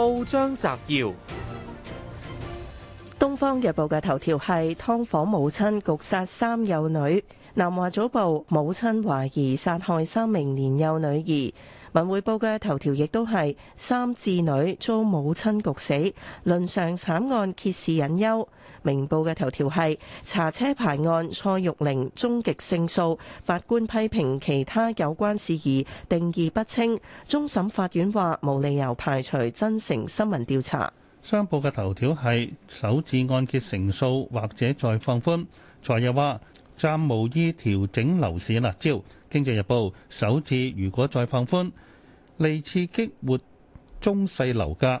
報章摘要：《東方日報》嘅頭條係劏房母親焗殺三幼女，《南華早報》母親懷疑殺害三名年幼女兒，《文匯報》嘅頭條亦都係三子女遭母親焗死，倫常慘案揭示隱憂。明報嘅頭條係查車牌案蔡玉玲終極勝訴，法官批評其他有關事宜定義不清。終審法院話冇理由排除真誠新聞調查。商報嘅頭條係首次按揭成數，或者再放寬。昨日話暫無意調整樓市辣招。經濟日報首次如果再放寬，利刺激活中細樓價。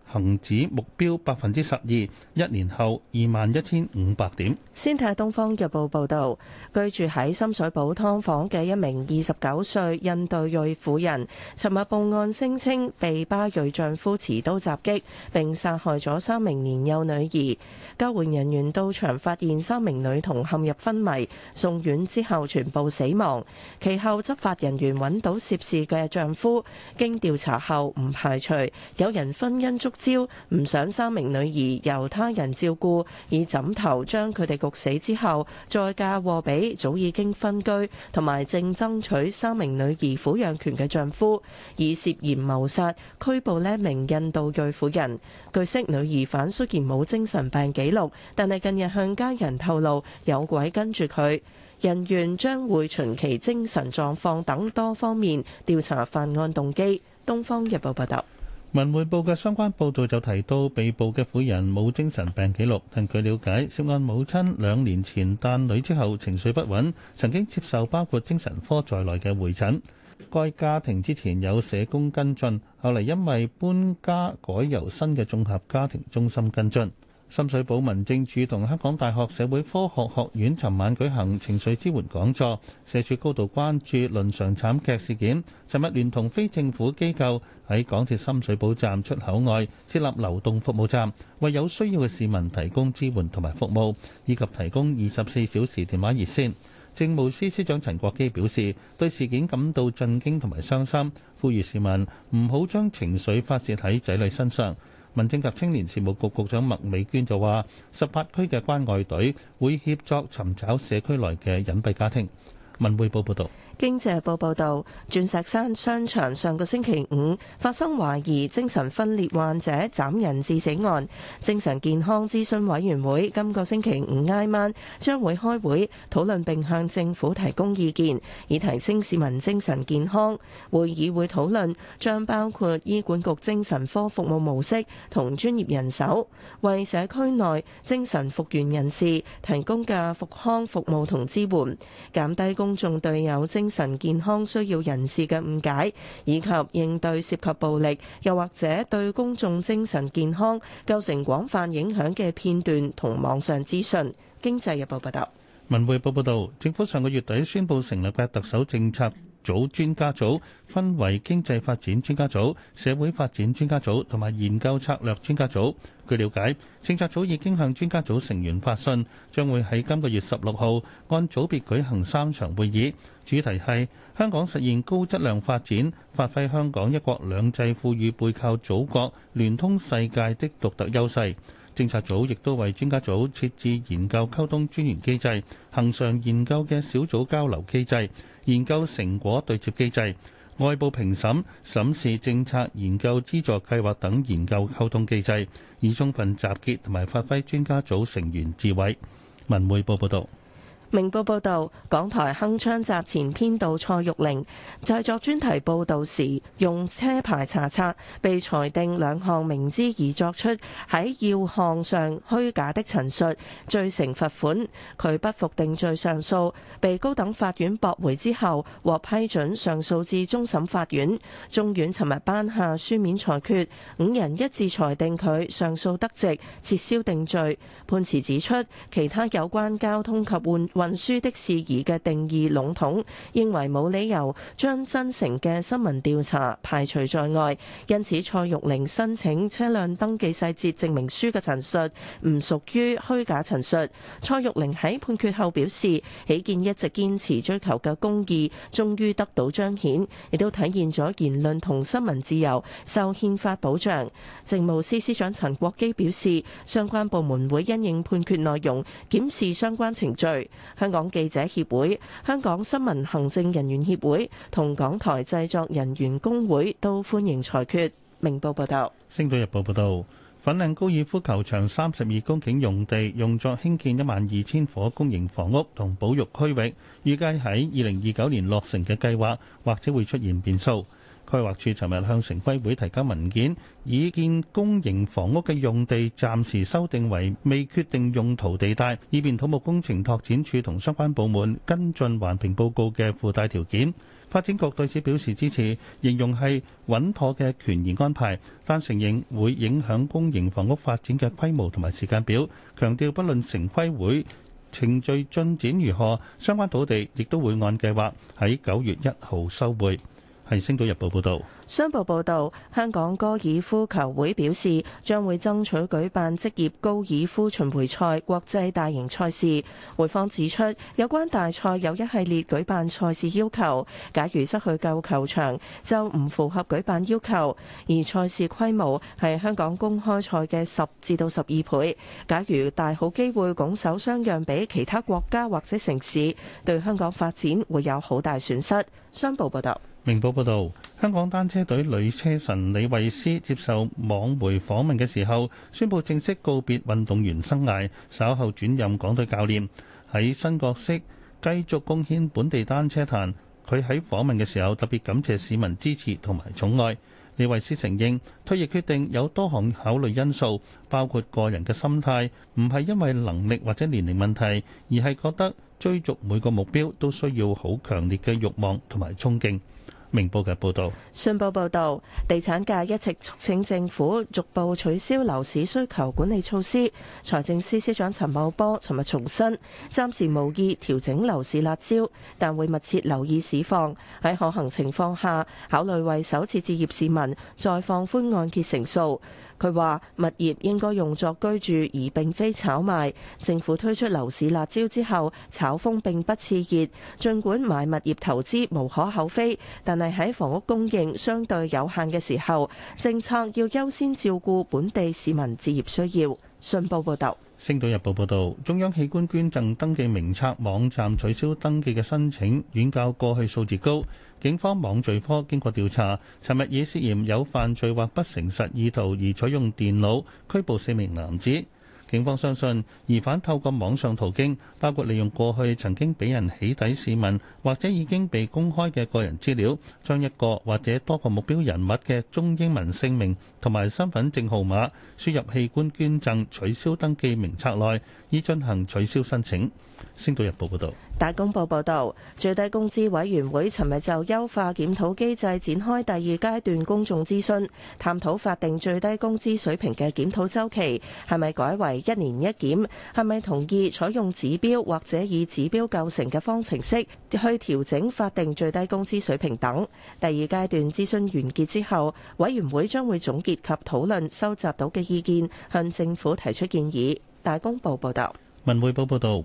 恒指目標百分之十二，一年後二萬一千五百點。先睇下《東方日報》報導，居住喺深水埗劏房嘅一名二十九歲印度裔婦人，尋日報案聲稱被巴裔丈夫持刀襲擊並殺害咗三名年幼女兒。救援人員到場發現三名女童陷入昏迷，送院之後全部死亡。其後執法人員揾到涉事嘅丈夫，經調查後唔排除有人婚姻足。招唔想三名女兒由他人照顧，以枕頭將佢哋焗死之後，再嫁禍俾早已經分居同埋正爭取三名女兒撫養權嘅丈夫，以涉嫌謀殺拘捕呢名印度裔婦人。據悉，女兒犯雖然冇精神病記錄，但係近日向家人透露有鬼跟住佢。人員將會循其精神狀況等多方面調查犯案動機。東方日報報道。文匯報嘅相關報導就提到，被捕嘅婦人冇精神病記錄，但據了解，涉案母親兩年前誕女之後情緒不穩，曾經接受包括精神科在內嘅會診。該家庭之前有社工跟進，後嚟因為搬家改由新嘅綜合家庭中心跟進。深水埗民政署同香港大學社會科學學院尋晚舉行情緒支援講座，社署高度關注倫常慘劇事件。尋日聯同非政府機構喺港鐵深水埗站出口外設立流動服務站，為有需要嘅市民提供支援同埋服務，以及提供二十四小時電話熱線。政務司司長陳國基表示，對事件感到震驚同埋傷心，呼籲市民唔好將情緒發洩喺仔女身上。民政及青年事務局局長麥美娟就話，十八區嘅關愛隊會協助尋找社區內嘅隱蔽家庭。文匯報報道。經濟日報報道，鑽石山商場上個星期五發生懷疑精神分裂患者斬人致死案。精神健康諮詢委員會今個星期五挨晚將會開會討論，並向政府提供意見，以提升市民精神健康。會議會討論將包括醫管局精神科服務模式同專業人手，為社區內精神復原人士提供嘅復康服務同支援，減低公眾對有精神健康需要人士嘅誤解，以及應對涉及暴力又或者對公眾精神健康構成廣泛影響嘅片段同網上資訊。經濟日報報道，文匯報報道，政府上個月底宣布成立嘅特首政策。組專家組分為經濟發展專家組、社會發展專家組同埋研究策略專家組。據了解，政策組已經向專家組成員發信，將會喺今個月十六號按組別舉行三場會議，主題係香港實現高質量發展，發揮香港一國兩制賦予背靠祖國聯通世界的獨特優勢。政策組亦都為專家組設置研究溝通專員機制、恒常研究嘅小組交流機制、研究成果對接機制、外部評審、審視政策研究資助計劃等研究溝通機制，以充分集結同埋發揮專家組成員智慧。文匯報報道。明報報道，港台鏗鏘集前編導蔡玉玲，製作專題報道時用車牌查冊被裁定兩項明知而作出喺要項上虛假的陳述，罪成罰款。佢不服定罪上訴被高等法院駁回之後獲批准上訴至終審法院。中院尋日頒下書面裁決，五人一致裁定佢上訴得直，撤銷定罪。判詞指出，其他有關交通及換。運輸的事宜嘅定義籠統，認為冇理由將真誠嘅新聞調查排除在外。因此，蔡玉玲申請車輛登記細節證明書嘅陳述唔屬於虛假陳述。蔡玉玲喺判決後表示：喜見一直堅持追求嘅公義，終於得到彰顯，亦都體現咗言論同新聞自由受憲法保障。政務司司長陳國基表示，相關部門會因應判決內容檢視相關程序。香港記者協會、香港新聞行政人員協會同港台製作人員工會都歡迎裁決。明報報道：《星島日報》報道，粉嶺高爾夫球場三十二公頃用地用作興建一萬二千伙公營房屋同保育區域，預計喺二零二九年落成嘅計劃，或者會出現變數。規劃署尋日向城規會提交文件，已建公營房屋嘅用地暫時修訂為未決定用途地帶，以便土木工程拓展署同相關部門跟進環評報告嘅附帶條件。發展局對此表示支持，形容係穩妥嘅權宜安排，但承認會影響公營房屋發展嘅規模同埋時間表。強調不論城規會程序進展如何，相關土地亦都會按計劃喺九月一號收回。係星島日報報道，商報報導，香港高爾夫球會表示將會爭取舉辦職業高爾夫巡回賽國際大型賽事。會方指出，有關大賽有一系列舉辦賽事要求，假如失去舊球場就唔符合舉辦要求，而賽事規模係香港公開賽嘅十至到十二倍。假如大好機會拱手相讓俾其他國家或者城市，對香港發展會有好大損失。商報報導。明報報導，香港單車隊女車神李慧詩接受網媒訪問嘅時候，宣布正式告別運動員生涯，稍後轉任港隊教練喺新角色繼續貢獻本地單車壇。佢喺訪問嘅時候特別感謝市民支持同埋寵愛。李慧詩承認退役決定有多項考慮因素，包括個人嘅心態，唔係因為能力或者年齡問題，而係覺得追逐每個目標都需要好強烈嘅慾望同埋衝勁。明報嘅報導，信報報導，地產界一直促請政府逐步取消樓市需求管理措施。財政司司長陳茂波尋日重申，暫時無意調整樓市辣招，但會密切留意市況，喺可行情況下考慮為首次置業市民再放寬按揭成數。佢話：物業應該用作居住，而並非炒賣。政府推出樓市辣椒之後，炒風並不熾熱。儘管買物業投資無可厚非，但係喺房屋供應相對有限嘅時候，政策要優先照顧本地市民置業需要。信報報道。星島日報報導，中央器官捐贈登記名冊網站取消登記嘅申請遠較過去數字高。警方網罪科經過調查，尋日以涉嫌有犯罪或不誠實意圖而取用電腦拘捕四名男子。警方相信，疑犯透過網上途徑，包括利用過去曾經俾人起底市民，或者已經被公開嘅個人資料，將一個或者多個目標人物嘅中英文姓名同埋身份證號碼輸入器官捐贈取消登記名冊內，以進行取消申請。星島日報報道。大公報報導，最低工資委員會尋日就優化檢討機制展開第二階段公眾諮詢，探討法定最低工資水平嘅檢討周期係咪改為一年一檢，係咪同意採用指標或者以指標構成嘅方程式去調整法定最低工資水平等。第二階段諮詢完結之後，委員會將會總結及討論收集到嘅意見，向政府提出建議。大公報報導。文匯報報導。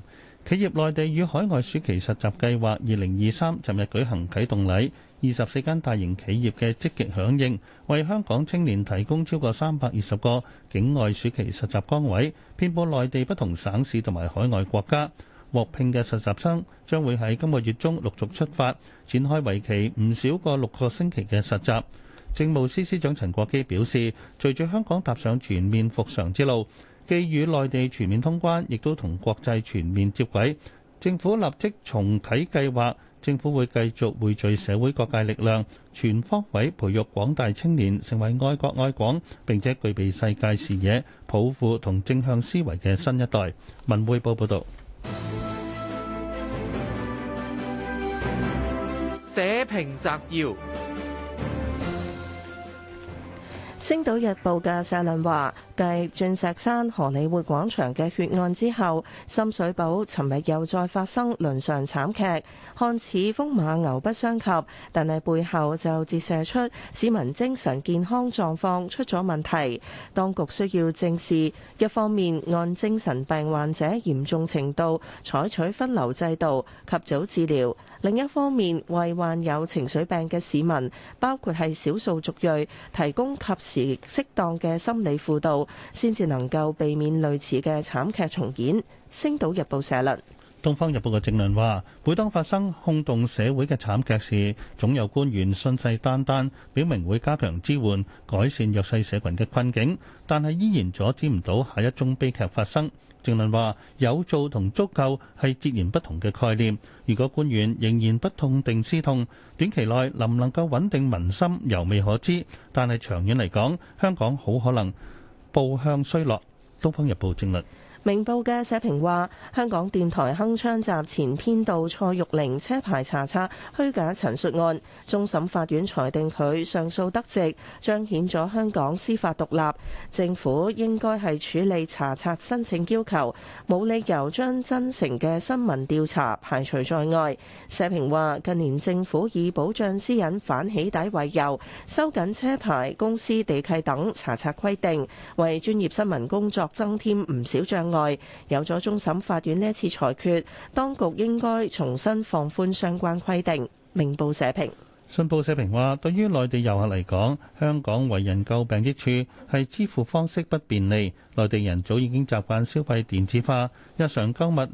企業內地與海外暑期實習計劃二零二三，尋日舉行啟動禮。二十四間大型企業嘅積極響應，為香港青年提供超過三百二十個境外暑期實習崗位，遍布內地不同省市同埋海外國家。獲聘嘅實習生將會喺今個月中陸續出發，展開為期唔少過六個星期嘅實習。政務司司長陳國基表示，隨住香港踏上全面復常之路，既與內地全面通關，亦都同國際全面接軌。政府立即重啟計劃，政府會繼續匯聚社會各界力量，全方位培育廣大青年成為愛國愛港並且具備世界視野、抱負同正向思維嘅新一代。文匯報報導。社評摘要。《星島日報》嘅社論話：繼鑽石山荷里活廣場嘅血案之後，深水埗尋日又再發生倫常慘劇，看似風馬牛不相及，但係背後就折射出市民精神健康狀況出咗問題，當局需要正視。一方面按精神病患者嚴重程度採取分流制度，及早治療；另一方面為患有情緒病嘅市民，包括係少數族裔，提供及時適當嘅心理輔導，先至能夠避免類似嘅慘劇重演。星島日報社論。《東方日報》嘅正論話，每當發生轟動社會嘅慘劇時，總有官員信誓旦旦表明會加強支援、改善弱勢社群嘅困境，但係依然阻止唔到下一宗悲劇發生。正論話，有做同足夠係截然不同嘅概念。如果官員仍然不痛定思痛，短期內能唔能夠穩定民心，猶未可知。但係長遠嚟講，香港好可能步向衰落。《東方日報》正論。明報嘅社評話：香港電台鏗鏘集前編導蔡玉玲車牌查冊虛假陳述案，終審法院裁定佢上訴得直，彰顯咗香港司法獨立。政府應該係處理查冊申請要求，冇理由將真誠嘅新聞調查排除在外。社評話：近年政府以保障私隱反起底為由，收緊車牌、公司地契等查冊規定，為專業新聞工作增添唔少障礙。內有咗終審法院呢一次裁決，當局應該重新放寬相關規定。明報社評。信報社評話，對於內地遊客嚟講，香港為人詬病之處係支付方式不便利。內地人早已經習慣消費電子化，日常購物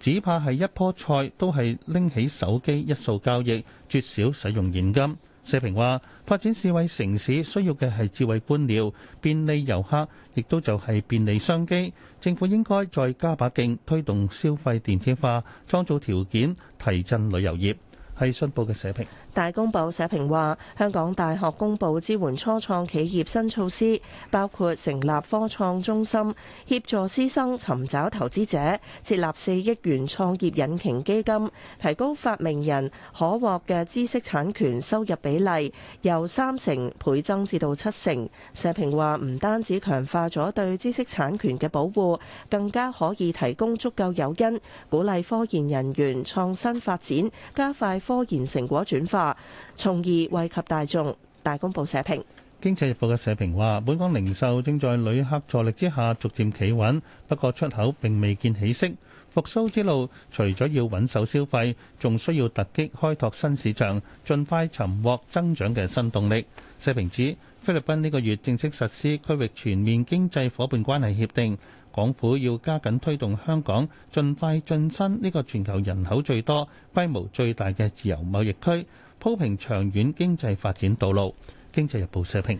只怕係一樖菜都係拎起手機一掃交易，絕少使用現金。社評話：發展智慧城市需要嘅係智慧官僚，便利遊客，亦都就係便利商機。政府應該再加把勁推動消費電子化，創造條件提振旅遊業。係信報嘅社評。大公報社評話，香港大學公佈支援初創企業新措施，包括成立科創中心，協助師生尋找投資者，設立四億元創業引擎基金，提高發明人可獲嘅知識產權收入比例，由三成倍增至到七成。社評話，唔單止強化咗對知識產權嘅保護，更加可以提供足夠誘因，鼓勵科研人員創新發展，加快科研成果轉化，從而惠及大眾。大公報社評。《經濟日報》嘅社評話：本港零售正在旅客助力之下逐漸企穩，不過出口並未見起色，復甦之路除咗要穩守消費，仲需要突擊開拓新市場，盡快尋獲增長嘅新動力。社評指，菲律賓呢個月正式實施區域全面經濟伙伴關係協定，港府要加緊推動香港，盡快晉身呢個全球人口最多、規模最大嘅自由貿易區。鋪平長遠經濟發展道路，《經濟日報》社評。